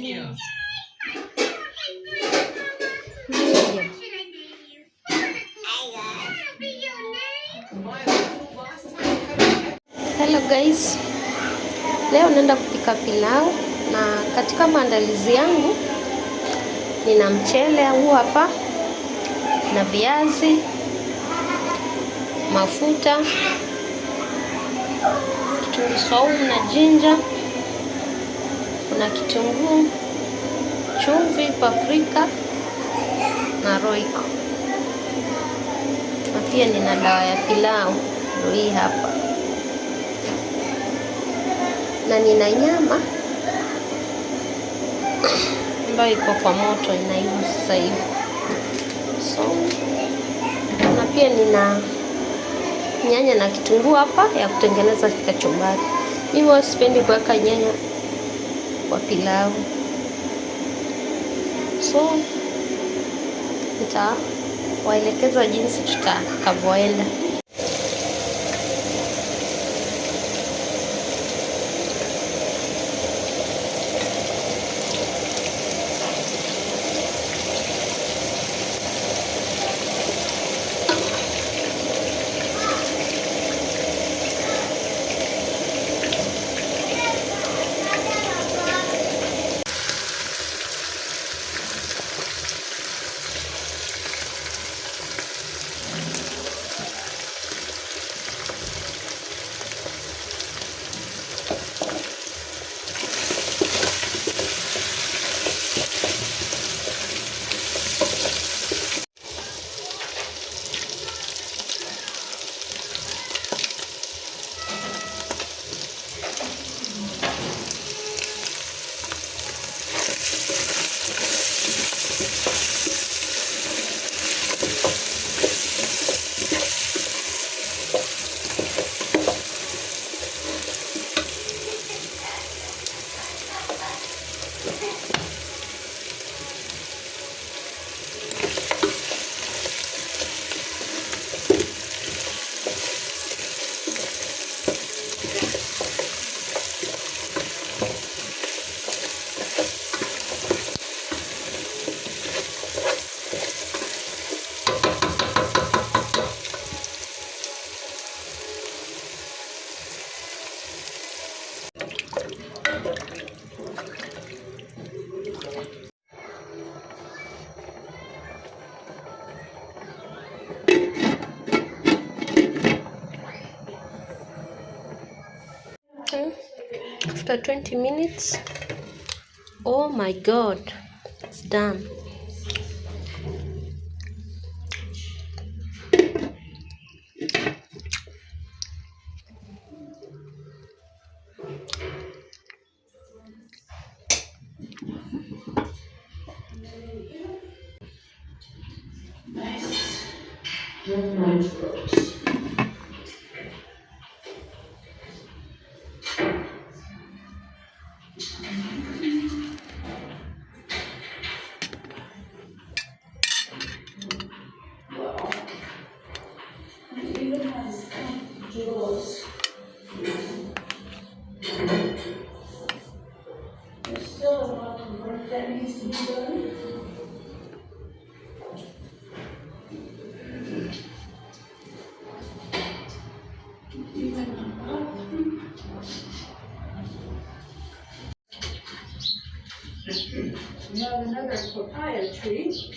Geliyor. Hello guys. Leo naenda kupika pilau na katika maandalizi yangu nina mchele huu hapa na viazi, mafuta, kitunguu saumu na jinja kuna kitunguu, chumvi, paprika na roiko, na pia nina dawa ya pilau ndio hii hapa, na nina nyama ambayo iko kwa moto inaiva sasa hivi. So na pia nina nyanya na kitunguu hapa ya kutengeneza kachumbari. Mimi sipendi kuweka nyanya kwa pilau. So nitawaelekeza jinsi tutakavyoenda. after 20 minutes oh my god it's done Nice. There's still a lot of work that needs to be done. We have another papaya tree.